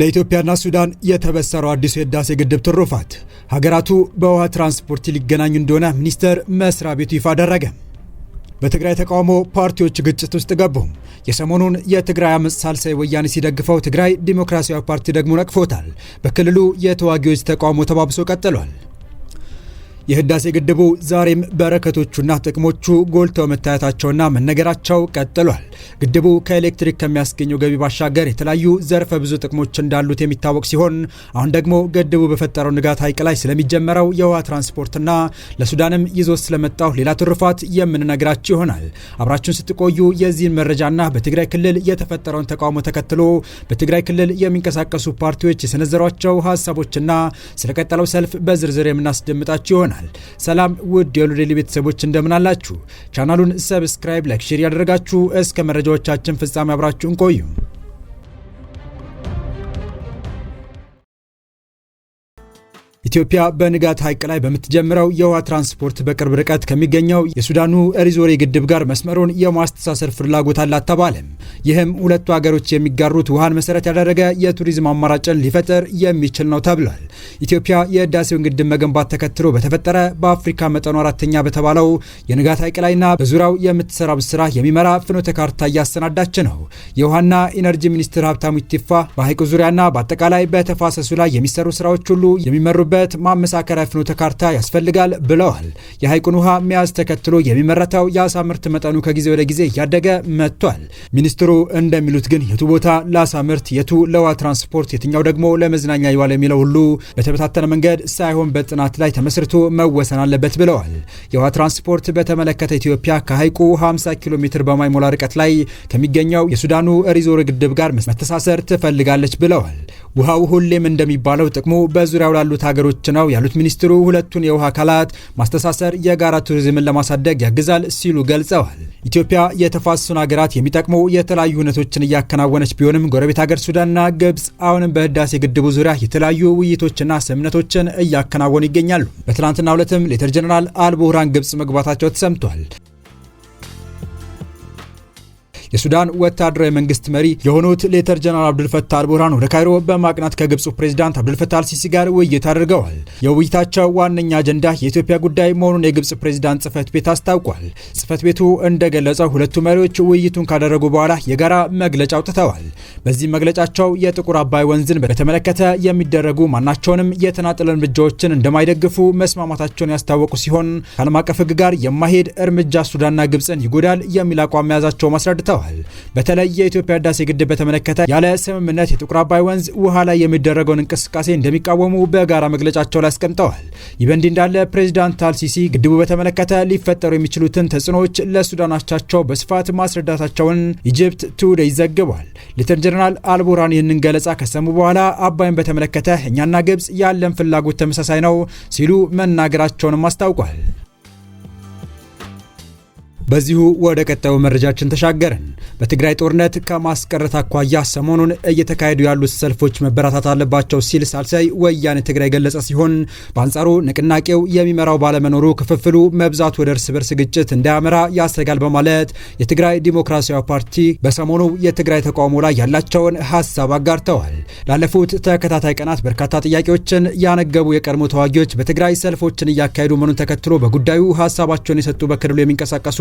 ለኢትዮጵያና ሱዳን የተበሰረው አዲሱ የህዳሴ ግድብ ትሩፋት ሀገራቱ በውሃ ትራንስፖርት ሊገናኙ እንደሆነ ሚኒስቴር መስሪያ ቤቱ ይፋ አደረገ። በትግራይ ተቃውሞ ፓርቲዎች ግጭት ውስጥ ገቡ። የሰሞኑን የትግራይ አመፅ ሳልሳይ ወያኔ ሲደግፈው፣ ትግራይ ዲሞክራሲያዊ ፓርቲ ደግሞ ነቅፎታል። በክልሉ የተዋጊዎች ተቃውሞ ተባብሶ ቀጥሏል። የህዳሴ ግድቡ ዛሬም በረከቶቹና ጥቅሞቹ ጎልተው መታየታቸውና መነገራቸው ቀጥሏል። ግድቡ ከኤሌክትሪክ ከሚያስገኘው ገቢ ባሻገር የተለያዩ ዘርፈ ብዙ ጥቅሞች እንዳሉት የሚታወቅ ሲሆን አሁን ደግሞ ግድቡ በፈጠረው ንጋት ሐይቅ ላይ ስለሚጀመረው የውሃ ትራንስፖርትና ለሱዳንም ይዞ ስለመጣው ሌላ ትሩፋት የምንነግራችሁ ይሆናል። አብራችሁን ስትቆዩ የዚህን መረጃና በትግራይ ክልል የተፈጠረውን ተቃውሞ ተከትሎ በትግራይ ክልል የሚንቀሳቀሱ ፓርቲዎች የሰነዘሯቸው ሀሳቦችና ስለቀጠለው ሰልፍ በዝርዝር የምናስደምጣችሁ ይሆናል። ይሆናል። ሰላም ውድ የሉዴሊ ቤተሰቦች እንደምን አላችሁ? ቻናሉን ሰብስክራይብ፣ ላይክ፣ ሼር ያደረጋችሁ እስከ መረጃዎቻችን ፍጻሜ አብራችሁን ቆዩ። ኢትዮጵያ በንጋት ሐይቅ ላይ በምትጀምረው የውሃ ትራንስፖርት በቅርብ ርቀት ከሚገኘው የሱዳኑ ሪዞሬ ግድብ ጋር መስመሩን የማስተሳሰር ፍላጎት አላት ተባለም። ይህም ሁለቱ ሀገሮች የሚጋሩት ውሃን መሰረት ያደረገ የቱሪዝም አማራጭን ሊፈጥር የሚችል ነው ተብሏል። ኢትዮጵያ የህዳሴውን ግድብ መገንባት ተከትሎ በተፈጠረ በአፍሪካ መጠኑ አራተኛ በተባለው የንጋት ሐይቅ ላይና በዙሪያው የምትሰራው ስራ የሚመራ ፍኖተ ካርታ እያሰናዳች ነው። የውሃና ኢነርጂ ሚኒስትር ሀብታሙ ኢቲፋ በሐይቁ ዙሪያና በአጠቃላይ በተፋሰሱ ላይ የሚሰሩ ስራዎች ሁሉ የሚመሩ የሚኖሩበት ማመሳከሪያ ፍኖተ ካርታ ያስፈልጋል ብለዋል። የሐይቁን ውሃ መያዝ ተከትሎ የሚመረተው የአሳ ምርት መጠኑ ከጊዜ ወደ ጊዜ እያደገ መጥቷል። ሚኒስትሩ እንደሚሉት ግን የቱ ቦታ ለአሳ ምርት፣ የቱ ለውሃ ትራንስፖርት፣ የትኛው ደግሞ ለመዝናኛ ይዋል የሚለው ሁሉ በተበታተነ መንገድ ሳይሆን በጥናት ላይ ተመስርቶ መወሰን አለበት ብለዋል። የውሃ ትራንስፖርት በተመለከተ ኢትዮጵያ ከሐይቁ 50 ኪሎ ሜትር በማይሞላ ርቀት ላይ ከሚገኘው የሱዳኑ ሪዞር ግድብ ጋር መተሳሰር ትፈልጋለች ብለዋል። ውሃው ሁሌም እንደሚባለው ጥቅሙ በዙሪያው ላሉት ሀገሮች ነው ያሉት ሚኒስትሩ ሁለቱን የውሃ አካላት ማስተሳሰር የጋራ ቱሪዝምን ለማሳደግ ያግዛል ሲሉ ገልጸዋል። ኢትዮጵያ የተፋሰሱን ሀገራት የሚጠቅሙ የተለያዩ እውነቶችን እያከናወነች ቢሆንም ጎረቤት ሀገር ሱዳንና ግብጽ አሁንም በህዳሴ ግድቡ ዙሪያ የተለያዩ ውይይቶችና ስምምነቶችን እያከናወኑ ይገኛሉ። በትናንትናው ዕለትም ሌተር ጀነራል አልቡርሃን ግብጽ መግባታቸው ተሰምቷል። የሱዳን ወታደራዊ መንግስት መሪ የሆኑት ሌተር ጀነራል አብዱልፈታህ አልቡርሃን ወደ ካይሮ በማቅናት ከግብፁ ፕሬዚዳንት አብዱልፈታህ አልሲሲ ጋር ውይይት አድርገዋል። የውይይታቸው ዋነኛ አጀንዳ የኢትዮጵያ ጉዳይ መሆኑን የግብፅ ፕሬዚዳንት ጽህፈት ቤት አስታውቋል። ጽህፈት ቤቱ እንደገለጸው ሁለቱ መሪዎች ውይይቱን ካደረጉ በኋላ የጋራ መግለጫ አውጥተዋል። በዚህ መግለጫቸው የጥቁር አባይ ወንዝን በተመለከተ የሚደረጉ ማናቸውንም የተናጠል እርምጃዎችን እንደማይደግፉ መስማማታቸውን ያስታወቁ ሲሆን ከዓለም አቀፍ ህግ ጋር የማይሄድ እርምጃ ሱዳንና ግብፅን ይጎዳል የሚል አቋም መያዛቸውም አስረድተዋል። ገልጸዋል። በተለይ የኢትዮጵያ ህዳሴ ግድብ በተመለከተ ያለ ስምምነት የጥቁር አባይ ወንዝ ውሃ ላይ የሚደረገውን እንቅስቃሴ እንደሚቃወሙ በጋራ መግለጫቸው ላይ አስቀምጠዋል። ይህ በእንዲህ እንዳለ ፕሬዚዳንት አልሲሲ ግድቡ በተመለከተ ሊፈጠሩ የሚችሉትን ተጽዕኖዎች ለሱዳናቻቸው በስፋት ማስረዳታቸውን ኢጅፕት ቱዴይ ዘግቧል። ሌተና ጀነራል አልቡርሃን ይህንን ገለጻ ከሰሙ በኋላ አባይን በተመለከተ እኛና ግብጽ ያለን ፍላጎት ተመሳሳይ ነው ሲሉ መናገራቸውንም አስታውቋል። በዚሁ ወደ ቀጣዩ መረጃችን ተሻገርን። በትግራይ ጦርነት ከማስቀረት አኳያ ሰሞኑን እየተካሄዱ ያሉት ሰልፎች መበራታት አለባቸው ሲል ሳልሳይ ወያኔ ትግራይ ገለጸ ሲሆን በአንጻሩ ንቅናቄው የሚመራው ባለመኖሩ ክፍፍሉ መብዛት ወደ እርስ በርስ ግጭት እንዳያመራ ያሰጋል በማለት የትግራይ ዲሞክራሲያዊ ፓርቲ በሰሞኑ የትግራይ ተቃውሞ ላይ ያላቸውን ሀሳብ አጋርተዋል። ላለፉት ተከታታይ ቀናት በርካታ ጥያቄዎችን ያነገቡ የቀድሞ ተዋጊዎች በትግራይ ሰልፎችን እያካሄዱ መሆኑን ተከትሎ በጉዳዩ ሀሳባቸውን የሰጡ በክልሉ የሚንቀሳቀሱ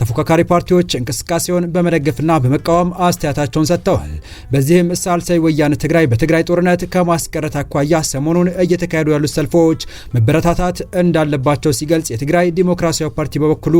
ተፎካካሪ ፓርቲዎች እንቅስቃሴውን በመደገፍና በመቃወም አስተያየታቸውን ሰጥተዋል። በዚህም ሳልሳይ ወያነ ትግራይ በትግራይ ጦርነት ከማስቀረት አኳያ ሰሞኑን እየተካሄዱ ያሉት ሰልፎች መበረታታት እንዳለባቸው ሲገልጽ፣ የትግራይ ዲሞክራሲያዊ ፓርቲ በበኩሉ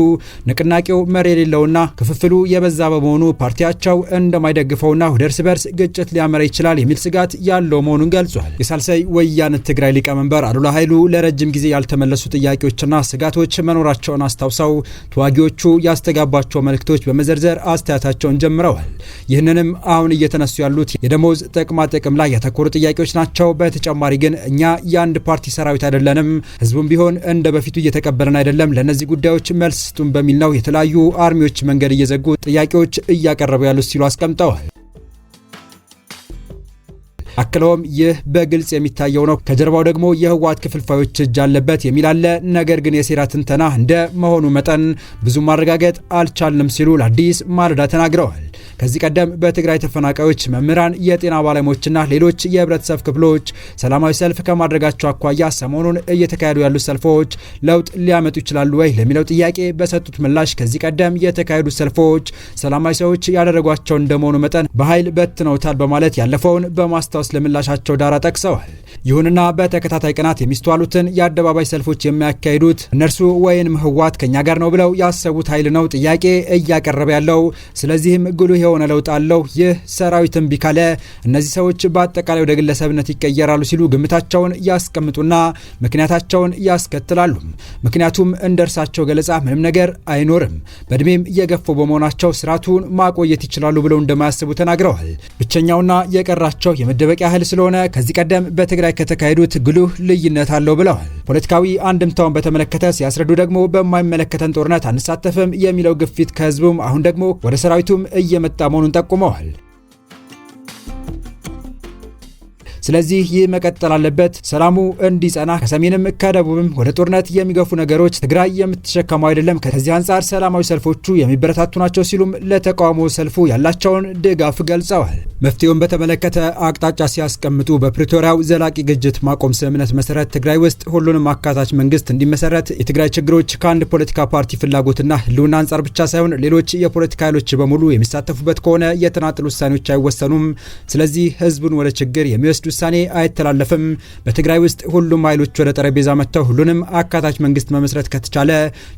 ንቅናቄው መሪ የሌለውና ክፍፍሉ የበዛ በመሆኑ ፓርቲያቸው እንደማይደግፈውና ወደ እርስ በርስ ግጭት ሊያመራ ይችላል የሚል ስጋት ያለው መሆኑን ገልጿል። የሳልሳይ ወያነ ትግራይ ሊቀመንበር አሉላ ኃይሉ ለረጅም ጊዜ ያልተመለሱ ጥያቄዎችና ስጋቶች መኖራቸውን አስታውሰው ተዋጊዎቹ ያስተጋባቸው መልእክቶች በመዘርዘር አስተያየታቸውን ጀምረዋል። ይህንንም አሁን እየተነሱ ያሉት የደሞዝ ጥቅማ ጥቅም ላይ ያተኮሩ ጥያቄዎች ናቸው። በተጨማሪ ግን እኛ የአንድ ፓርቲ ሰራዊት አይደለንም፣ ህዝቡም ቢሆን እንደ በፊቱ እየተቀበለን አይደለም፣ ለእነዚህ ጉዳዮች መልስ ስጡን በሚል ነው የተለያዩ አርሚዎች መንገድ እየዘጉ ጥያቄዎች እያቀረቡ ያሉት ሲሉ አስቀምጠዋል። አክለውም ይህ በግልጽ የሚታየው ነው፣ ከጀርባው ደግሞ የህወሓት ክፍልፋዮች እጅ አለበት የሚል አለ። ነገር ግን የሴራ ትንተና እንደ መሆኑ መጠን ብዙ ማረጋገጥ አልቻልንም ሲሉ ለአዲስ ማለዳ ተናግረዋል። ከዚህ ቀደም በትግራይ ተፈናቃዮች፣ መምህራን፣ የጤና ባለሙያዎችና ሌሎች የህብረተሰብ ክፍሎች ሰላማዊ ሰልፍ ከማድረጋቸው አኳያ ሰሞኑን እየተካሄዱ ያሉ ሰልፎች ለውጥ ሊያመጡ ይችላሉ ወይ ለሚለው ጥያቄ በሰጡት ምላሽ ከዚህ ቀደም የተካሄዱ ሰልፎች ሰላማዊ ሰዎች ያደረጓቸው እንደመሆኑ መጠን በኃይል በትነውታል በማለት ያለፈውን በማስታወስ ለምላሻቸው ዳራ ጠቅሰዋል። ይሁንና በተከታታይ ቀናት የሚስተዋሉትን የአደባባይ ሰልፎች የሚያካሂዱት እነርሱ ወይንም ህወሓት ከኛ ጋር ነው ብለው ያሰቡት ኃይል ነው ጥያቄ እያቀረበ ያለው ስለዚህም ጉልህ የሆነ ለውጥ አለው። ይህ ሰራዊትን ቢካለ እነዚህ ሰዎች በአጠቃላይ ወደ ግለሰብነት ይቀየራሉ ሲሉ ግምታቸውን እያስቀምጡና ምክንያታቸውን ያስከትላሉ። ምክንያቱም እንደ እርሳቸው ገለጻ ምንም ነገር አይኖርም። በእድሜም እየገፉ በመሆናቸው ስርዓቱን ማቆየት ይችላሉ ብለው እንደማያስቡ ተናግረዋል። ብቸኛውና የቀራቸው የመደበቂያ ያህል ስለሆነ ከዚህ ቀደም በትግራይ ከተካሄዱት ጉልህ ልዩነት አለው ብለዋል። ፖለቲካዊ አንድምታውን በተመለከተ ሲያስረዱ ደግሞ በማይመለከተን ጦርነት አንሳተፍም የሚለው ግፊት ከህዝቡም አሁን ደግሞ ወደ ሰራዊቱም እየመጣ መሆኑን ጠቁመዋል። ስለዚህ ይህ መቀጠል አለበት። ሰላሙ እንዲጸና ከሰሜንም ከደቡብም ወደ ጦርነት የሚገፉ ነገሮች ትግራይ የምትሸከመው አይደለም። ከዚህ አንጻር ሰላማዊ ሰልፎቹ የሚበረታቱ ናቸው ሲሉም ለተቃውሞ ሰልፉ ያላቸውን ድጋፍ ገልጸዋል። መፍትሄውን በተመለከተ አቅጣጫ ሲያስቀምጡ በፕሪቶሪያው ዘላቂ ግጭት ማቆም ስምምነት መሰረት ትግራይ ውስጥ ሁሉንም አካታች መንግስት እንዲመሰረት የትግራይ ችግሮች ከአንድ ፖለቲካ ፓርቲ ፍላጎትና ህልውና አንጻር ብቻ ሳይሆን ሌሎች የፖለቲካ ኃይሎች በሙሉ የሚሳተፉበት ከሆነ የተናጥል ውሳኔዎች አይወሰኑም። ስለዚህ ህዝቡን ወደ ችግር የሚወስዱ ውሳኔ አይተላለፍም። በትግራይ ውስጥ ሁሉም ኃይሎች ወደ ጠረጴዛ መጥተው ሁሉንም አካታች መንግስት መመስረት ከተቻለ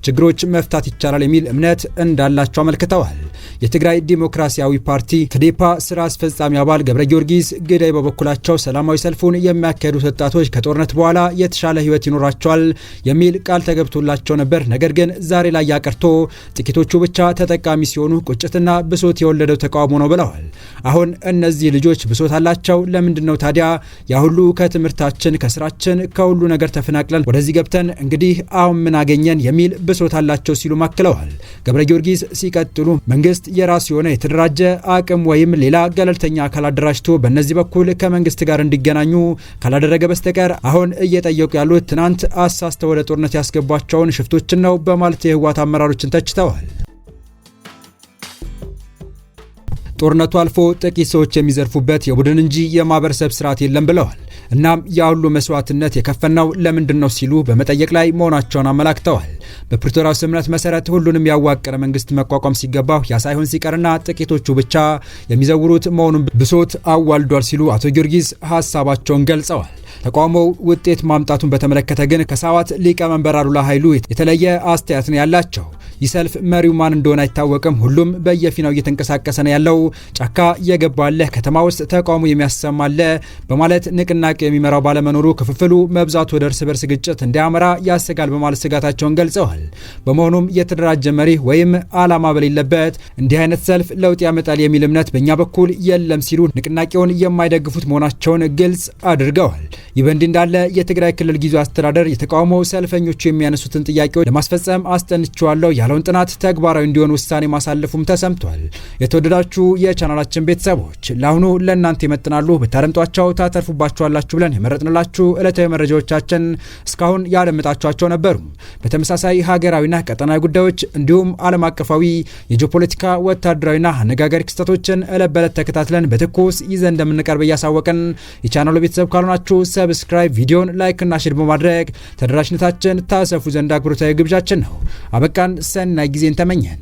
ችግሮች መፍታት ይቻላል የሚል እምነት እንዳላቸው አመልክተዋል። የትግራይ ዲሞክራሲያዊ ፓርቲ ከዴፓ ስራ አስፈጻሚ አባል ገብረ ጊዮርጊስ ግዳይ በበኩላቸው ሰላማዊ ሰልፉን የሚያካሄዱት ወጣቶች ከጦርነት በኋላ የተሻለ ህይወት ይኖራቸዋል የሚል ቃል ተገብቶላቸው ነበር። ነገር ግን ዛሬ ላይ ያቀርቶ ጥቂቶቹ ብቻ ተጠቃሚ ሲሆኑ ቁጭትና ብሶት የወለደው ተቃውሞ ነው ብለዋል። አሁን እነዚህ ልጆች ብሶት አላቸው። ለምንድን ነው ታዲያ ያሁሉ ከትምህርታችን፣ ከስራችን፣ ከሁሉ ነገር ተፈናቅለን ወደዚህ ገብተን እንግዲህ አሁን ምን አገኘን የሚል ብሶት አላቸው ሲሉ አክለዋል። ገብረ ጊዮርጊስ ሲቀጥሉ መንግስት የራሱ የሆነ የተደራጀ አቅም ወይም ሌላ ገለልተኛ አካል አደራጅቶ በእነዚህ በኩል ከመንግስት ጋር እንዲገናኙ ካላደረገ በስተቀር አሁን እየጠየቁ ያሉት ትናንት አሳስተው ወደ ጦርነት ያስገቧቸውን ሽፍቶችን ነው በማለት የህወሓት አመራሮችን ተችተዋል። ጦርነቱ አልፎ ጥቂት ሰዎች የሚዘርፉበት የቡድን እንጂ የማህበረሰብ ስርዓት የለም ብለዋል። እናም ያ ሁሉ መስዋዕትነት የከፈናው ለምንድን ነው ሲሉ በመጠየቅ ላይ መሆናቸውን አመላክተዋል። በፕሪቶሪያው ስምምነት መሰረት ሁሉንም ያዋቀረ መንግስት መቋቋም ሲገባው ያ ሳይሆን ሲቀርና ጥቂቶቹ ብቻ የሚዘውሩት መሆኑን ብሶት አዋልዷል ሲሉ አቶ ጊዮርጊስ ሀሳባቸውን ገልጸዋል። ተቃውሞው ውጤት ማምጣቱን በተመለከተ ግን ከሰባት ሊቀመንበር አሉላ ኃይሉ የተለየ አስተያየት ነው ያላቸው። ይህ ሰልፍ መሪው ማን እንደሆነ አይታወቅም። ሁሉም በየፊናው እየተንቀሳቀሰ ነው ያለው። ጫካ የገባ አለ፣ ከተማ ውስጥ ተቃውሞ የሚያሰማለ በማለት ንቅናቄ የሚመራው ባለመኖሩ ክፍፍሉ መብዛቱ ወደ እርስ በርስ ግጭት እንዲያመራ ያሰጋል በማለት ስጋታቸውን ገልጸዋል። በመሆኑም የተደራጀ መሪ ወይም አላማ በሌለበት እንዲህ አይነት ሰልፍ ለውጥ ያመጣል የሚል እምነት በእኛ በኩል የለም ሲሉ ንቅናቄውን የማይደግፉት መሆናቸውን ግልጽ አድርገዋል። ይህ በእንዲህ እንዳለ የትግራይ ክልል ጊዜያዊ አስተዳደር የተቃውሞ ሰልፈኞቹ የሚያነሱትን ጥያቄዎች ለማስፈጸም አስጠንቼዋለሁ ያለውን ጥናት ተግባራዊ እንዲሆን ውሳኔ ማሳለፉም ተሰምቷል። የተወደዳችሁ የቻናላችን ቤተሰቦች ለአሁኑ ለእናንተ ይመጥናሉ ብታደምጧቸው ታተርፉባችኋላችሁ ብለን የመረጥንላችሁ ዕለታዊ መረጃዎቻችን እስካሁን ያደመጣችኋቸው ነበሩ። በተመሳሳይ ሀገራዊና ቀጠናዊ ጉዳዮች እንዲሁም ዓለም አቀፋዊ የጂኦፖለቲካ ወታደራዊና አነጋጋሪ ክስተቶችን ዕለት በዕለት ተከታትለን በትኩስ ይዘን እንደምንቀርብ እያሳወቅን የቻናሉ ቤተሰብ ካልሆናችሁ ሰብስክራይብ፣ ቪዲዮን ላይክና ሽድ በማድረግ ተደራሽነታችን ታሰፉ ዘንድ አክብሮታዊ ግብዣችን ነው። አበቃን። ሰንና ጊዜን ተመኘህን።